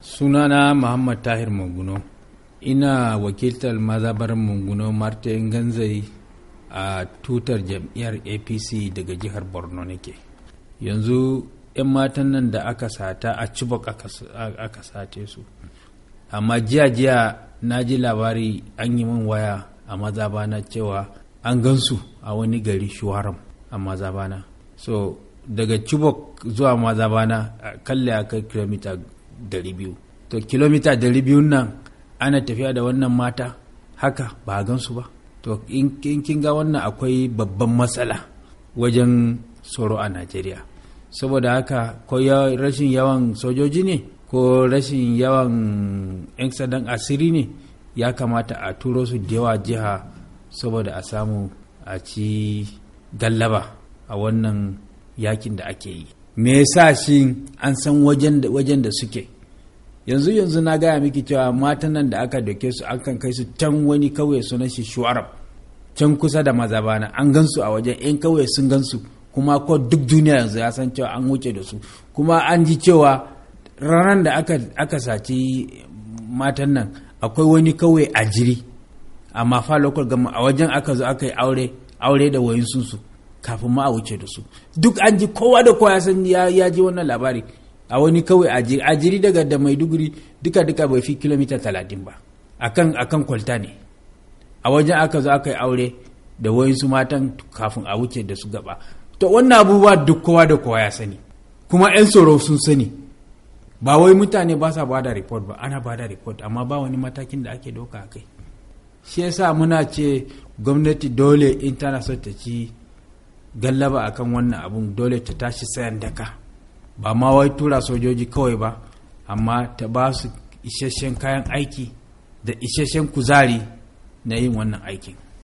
sunana muhammad tahir munguno ina wakiltar mazabar munguno martin ganzai a tutar jam'iyyar apc daga jihar borno nake yanzu 'yan matan nan da aka sata a chibok aka sace su amma jiya jiya na ji labari an yi min waya a mazabana cewa an gansu a wani gari shuwaram a mazabana so daga chibok zuwa mazabana kalle a kai kilomita 200 to kilomita dari 200 nan ana tafiya da wannan mata haka ba a gansu ba to in kin ga wannan akwai babban matsala wajen tsoro a najeriya saboda haka ko rashin yawan sojoji ne ko rashin yawan 'yan sadan asiri ne ya kamata a turo su da yawa jiha saboda a samu a ci gallaba a wannan yakin da ake yi me yasa shi an san wajen da suke yanzu yanzu na gaya miki cewa matan nan da aka doke su an kai su can wani kauye na shi shu'arab can kusa da mazabana an gansu a wajen yan kauye sun gansu kuma ko duk duniya yanzu ya san cewa an wuce da su kuma an ji cewa ranar da aka, aka saci matan nan akwai wani kauye a jiri amma fa local gama a wajen aka zo aka yi aure aure da wayin sunsu kafin ma a wuce da su duk an ji kowa da kowa san ya ji wannan labari a wani kawai ajiri ajiri daga da maiduguri duka duka bai fi kilomita talatin ba akan akan kwalta ne a wajen aka zo aka yi aure da wayansu matan kafin a wuce da su gaba to wannan abubuwa duk kowa da kowa ya sani kuma 'yan tsoro sun sani ba wai mutane ba sa bada report ba ana bada report amma ba wani matakin da ake doka kai shi yasa muna ce gwamnati dole international ta ci gallaba akan wannan abun dole ta tashi sayan daka ba ma wai tura sojoji kawai ba amma ta ba su isasshen kayan aiki da isasshen kuzari na yin wannan aikin